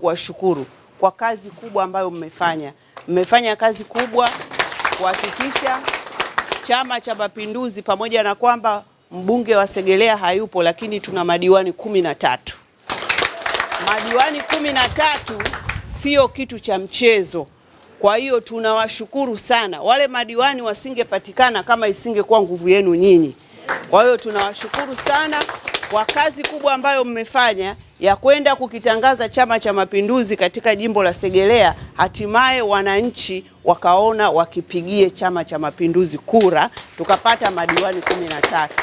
kuwashukuru kwa kazi kubwa ambayo mmefanya. Mmefanya kazi kubwa kuhakikisha Chama cha Mapinduzi, pamoja na kwamba mbunge wa Segerea hayupo, lakini tuna madiwani kumi na tatu. Madiwani kumi na tatu sio kitu cha mchezo. Kwa hiyo tunawashukuru sana. Wale madiwani wasingepatikana kama isingekuwa nguvu yenu nyinyi. Kwa hiyo tunawashukuru sana kwa kazi kubwa ambayo mmefanya ya kwenda kukitangaza Chama cha Mapinduzi katika jimbo la Segerea, hatimaye wananchi wakaona wakipigie Chama cha Mapinduzi kura, tukapata madiwani kumi na tatu.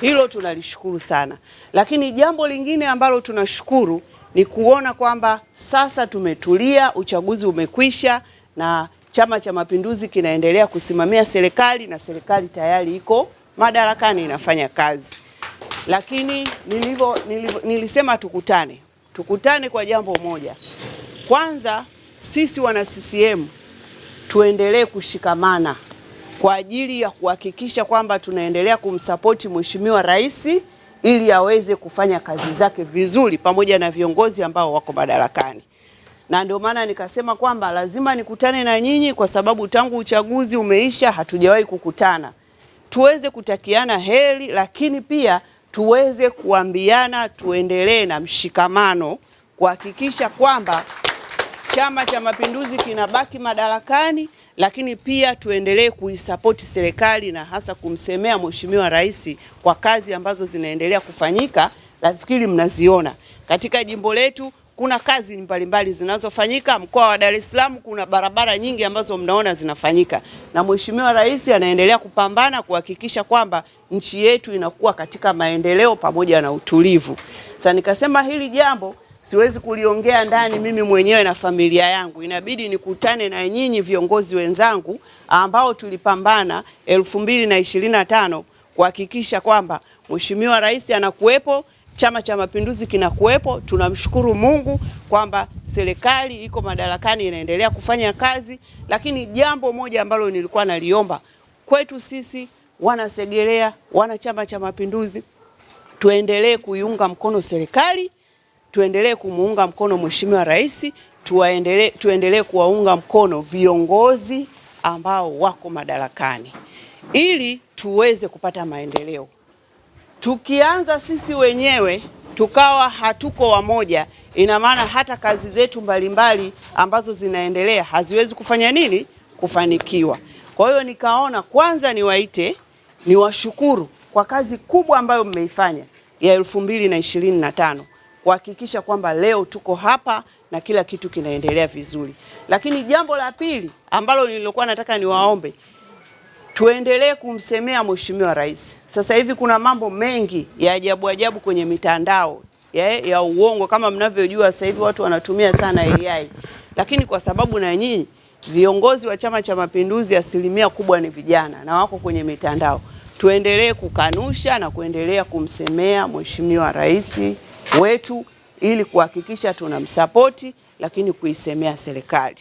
Hilo tunalishukuru sana, lakini jambo lingine ambalo tunashukuru ni kuona kwamba sasa tumetulia, uchaguzi umekwisha na Chama cha Mapinduzi kinaendelea kusimamia serikali na serikali tayari iko madarakani inafanya kazi lakini nilivyo, nilivyo, nilisema tukutane tukutane kwa jambo moja. Kwanza sisi wana CCM tuendelee kushikamana kwa ajili ya kuhakikisha kwamba tunaendelea kumsapoti Mheshimiwa Rais ili aweze kufanya kazi zake vizuri pamoja na viongozi ambao wako madarakani, na ndio maana nikasema kwamba lazima nikutane na nyinyi kwa sababu tangu uchaguzi umeisha hatujawahi kukutana, tuweze kutakiana heri, lakini pia tuweze kuambiana, tuendelee na mshikamano kuhakikisha kwamba Chama cha Mapinduzi kinabaki madarakani, lakini pia tuendelee kuisapoti serikali na hasa kumsemea Mheshimiwa Rais kwa kazi ambazo zinaendelea kufanyika. Nafikiri mnaziona katika jimbo letu kuna kazi mbalimbali zinazofanyika. Mkoa wa Dar es Salaam kuna barabara nyingi ambazo mnaona zinafanyika, na Mheshimiwa Rais anaendelea kupambana kuhakikisha kwamba nchi yetu inakuwa katika maendeleo pamoja na utulivu. Sasa nikasema hili jambo siwezi kuliongea ndani mimi mwenyewe na familia yangu, inabidi nikutane na nyinyi viongozi wenzangu ambao tulipambana elfu mbili na ishirini na tano kuhakikisha kwamba Mheshimiwa Rais anakuwepo, Chama cha Mapinduzi kinakuwepo. Tunamshukuru Mungu kwamba serikali iko madarakani inaendelea kufanya kazi, lakini jambo moja ambalo nilikuwa naliomba kwetu sisi wanasegerea wana Chama cha Mapinduzi, tuendelee kuiunga mkono serikali, tuendelee kumuunga mkono Mheshimiwa Rais, tuendelee tuendelee kuwaunga mkono viongozi ambao wako madarakani ili tuweze kupata maendeleo. Tukianza sisi wenyewe tukawa hatuko wamoja, ina maana hata kazi zetu mbalimbali ambazo zinaendelea haziwezi kufanya nini, kufanikiwa. Kwa hiyo nikaona kwanza niwaite niwashukuru kwa kazi kubwa ambayo mmeifanya ya elfu mbili na ishirini na tano kuhakikisha kwamba leo tuko hapa na kila kitu kinaendelea vizuri. Lakini jambo la pili ambalo nililokuwa nataka niwaombe tuendelee kumsemea Mheshimiwa Rais. Sasa hivi kuna mambo mengi ya ajabu ajabu kwenye mitandao ya, ya uongo kama mnavyojua, sasa hivi watu wanatumia sana AI, lakini kwa sababu na nyinyi viongozi wa Chama cha Mapinduzi asilimia kubwa ni vijana na wako kwenye mitandao. Tuendelee kukanusha na kuendelea kumsemea Mheshimiwa Rais wetu ili kuhakikisha tunamsapoti, lakini kuisemea serikali.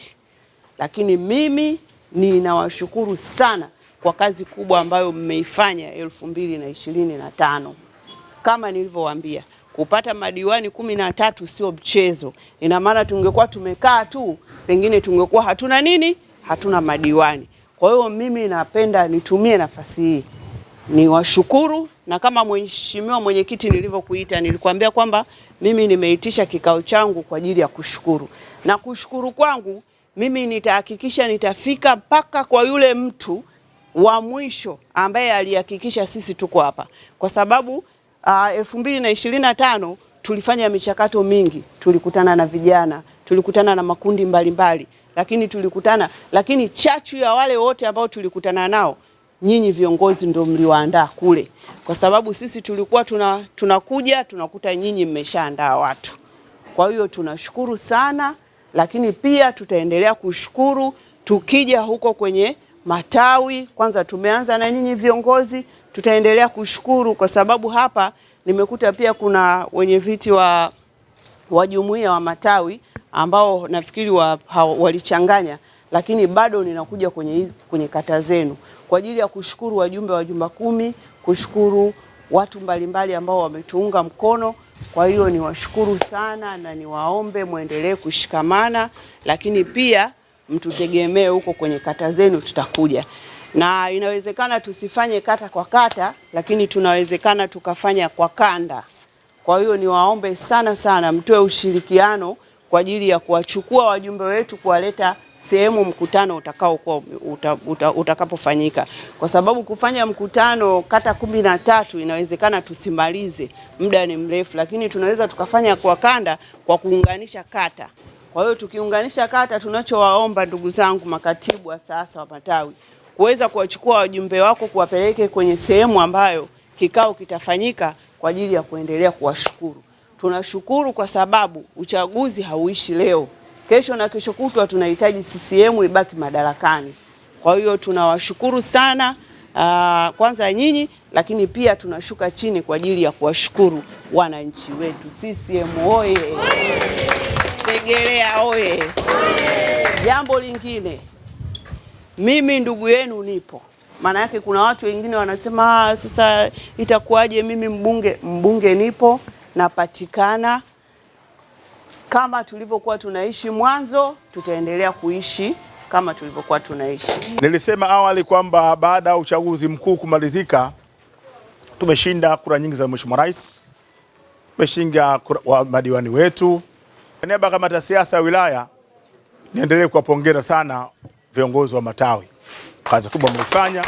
Lakini mimi ninawashukuru sana kwa kazi kubwa ambayo mmeifanya elfu mbili na ishirini na tano kama nilivyowaambia kupata madiwani kumi na tatu sio mchezo. Ina maana tungekuwa tumekaa tu, pengine tungekuwa hatuna nini, hatuna madiwani. Kwa hiyo mimi napenda nitumie nafasi hii niwashukuru, na kama mheshimiwa mwenyekiti nilivyokuita, nilikwambia kwamba mimi nimeitisha kikao changu kwa ajili ya kushukuru, na kushukuru kwangu mimi nitahakikisha nitafika mpaka kwa yule mtu wa mwisho ambaye alihakikisha sisi tuko hapa, kwa sababu Ah, elfu mbili na ishirini na tano tulifanya michakato mingi, tulikutana na vijana, tulikutana na makundi mbalimbali mbali, lakini tulikutana, lakini chachu ya wale wote ambao tulikutana nao nyinyi viongozi ndio mliwaandaa kule, kwa sababu sisi tulikuwa tuna, tunakuja tunakuta nyinyi mmeshaandaa watu. Kwa hiyo tunashukuru sana, lakini pia tutaendelea kushukuru tukija huko kwenye matawi. Kwanza tumeanza na nyinyi viongozi tutaendelea kushukuru kwa sababu hapa nimekuta pia kuna viti wa, wa jumuiya wa matawi ambao nafikiri wa, walichanganya lakini bado ninakuja kwenye, kwenye kata zenu kwa ajili ya kushukuru wajumbe wa jumba kumi, kushukuru watu mbalimbali ambao wametuunga mkono. Kwa hiyo niwashukuru sana na niwaombe muendelee kushikamana, lakini pia mtutegemee huko kwenye kata zenu, tutakuja na inawezekana tusifanye kata kwa kata, lakini tunawezekana tukafanya kwa kanda. Kwa hiyo niwaombe sana sana mtoe ushirikiano kwa ajili ya kuwachukua wajumbe wetu kuwaleta sehemu mkutano utakaokuwa utakapofanyika, kwa sababu kufanya mkutano kata kumi na tatu inawezekana tusimalize, muda ni mrefu, lakini tunaweza tukafanya kwa kanda kwa kuunganisha kata. Kwa hiyo tukiunganisha kata, tunachowaomba ndugu zangu makatibu wa sasa wa matawi kuweza kuwachukua wajumbe wako kuwapeleke kwenye sehemu ambayo kikao kitafanyika kwa ajili ya kuendelea kuwashukuru. Tunashukuru kwa sababu uchaguzi hauishi leo, kesho na kesho kutwa tunahitaji CCM ibaki madarakani. Kwa hiyo tunawashukuru sana uh, kwanza nyinyi, lakini pia tunashuka chini kwa ajili ya kuwashukuru wananchi wetu. CCM oye! Segerea oye! Jambo lingine mimi ndugu yenu nipo. Maana yake kuna watu wengine wanasema ah, sasa itakuwaje mimi mbunge? Mbunge nipo, napatikana. Kama tulivyokuwa tunaishi mwanzo, tutaendelea kuishi kama tulivyokuwa tunaishi. Nilisema awali kwamba baada ya uchaguzi mkuu kumalizika, tumeshinda kura nyingi za Mheshimiwa Rais, tumeshinda wa madiwani wetu. Kwa niaba ya kamati ya siasa ya wilaya, niendelee kuwapongeza sana viongozi wa matawi, kazi kubwa mlifanya.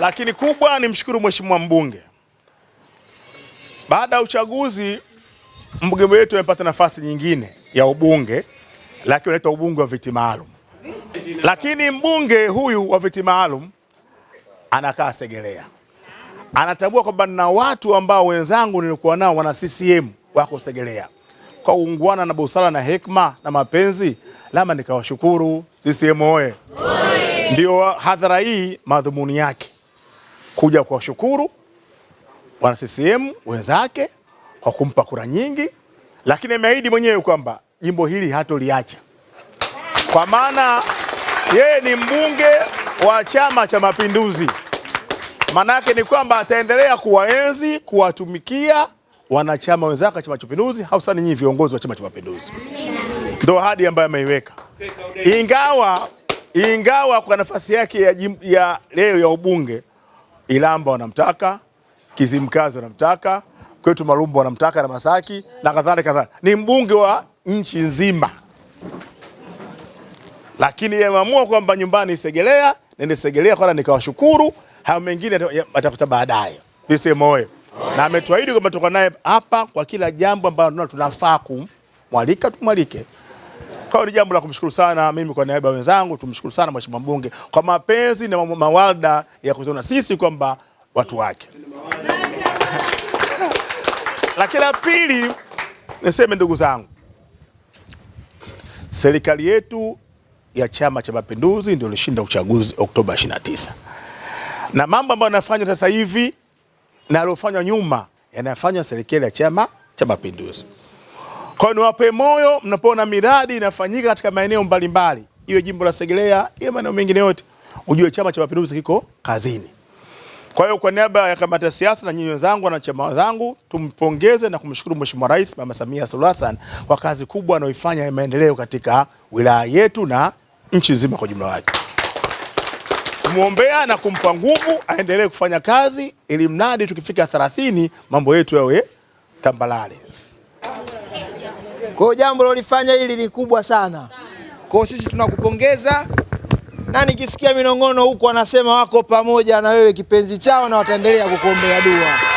Lakini kubwa ni mshukuru mheshimiwa mbunge. Baada ya uchaguzi, mbunge wetu amepata nafasi nyingine ya ubunge, lakini unaitwa ubunge wa viti maalum. Lakini mbunge huyu wa viti maalum anakaa Segerea, anatambua kwamba na watu ambao wenzangu nilikuwa nao wana CCM wako Segerea kwa uungwana na busara na hekima na mapenzi, lama nikawashukuru. CCM oye! Ndio hadhara hii madhumuni yake kuja kuwashukuru wana CCM wenzake kwa kumpa kura nyingi, lakini ameahidi mwenyewe kwamba jimbo hili hatoliacha kwa maana yeye ni mbunge wa Chama cha Mapinduzi. Maanake ni kwamba ataendelea kuwaenzi, kuwatumikia wanachama wenzako wa Chama cha Mapinduzi, hasa nyinyi viongozi wa Chama cha Mapinduzi. Ndio ahadi ambayo ameiweka, ingawa ingawa kwa nafasi yake ya, ya leo ya ubunge Ilamba wanamtaka, Kizimkazi wanamtaka, kwetu Malumbu wanamtaka na Masaki na kadhalika kadhalika. Ni mbunge wa nchi nzima, lakini yameamua kwamba nyumbani Segelea, nende Segelea kwana nikawashukuru. Hayo mengine atakuta baadaye. Niseme na ametuahidi kwamba tutakuwa naye hapa kwa kila jambo ambalo tunafaa kumwalika, tumwalike. Kwa hiyo jambo la kumshukuru sana, mimi kwa niaba ya wenzangu tumshukuru sana mheshimiwa mbunge kwa mapenzi na mawalda ya kutuona sisi kwamba watu wake. Lakini la pili niseme, ndugu zangu, serikali yetu ya Chama cha Mapinduzi ndio ilishinda uchaguzi Oktoba 29 na mambo ambayo anafanya sasa hivi na alofanywa nyuma yanayofanywa serikali ya Chama cha Mapinduzi. Kwa hiyo niwape moyo mnapoona miradi inafanyika katika maeneo mbalimbali, iwe jimbo la Segerea, iwe maeneo mengine yote, ujue Chama cha Mapinduzi kiko kazini. Kwa hiyo kwa niaba ya kamati ya siasa na nyinyi wenzangu, chama wenzangu, tumpongeze na kumshukuru Mheshimiwa Rais Mama Samia Suluhu Hassan kwa kazi kubwa anayoifanya ya maendeleo katika wilaya yetu na nchi nzima kwa jumla yake kumwombea na kumpa nguvu aendelee kufanya kazi, ili mradi tukifika 30 mambo yetu yawe tambalale. Kwa jambo lolifanya hili ni kubwa sana. Kwa sisi tunakupongeza, na nikisikia minong'ono huko anasema wako pamoja na wewe kipenzi chao, na wataendelea kukuombea dua.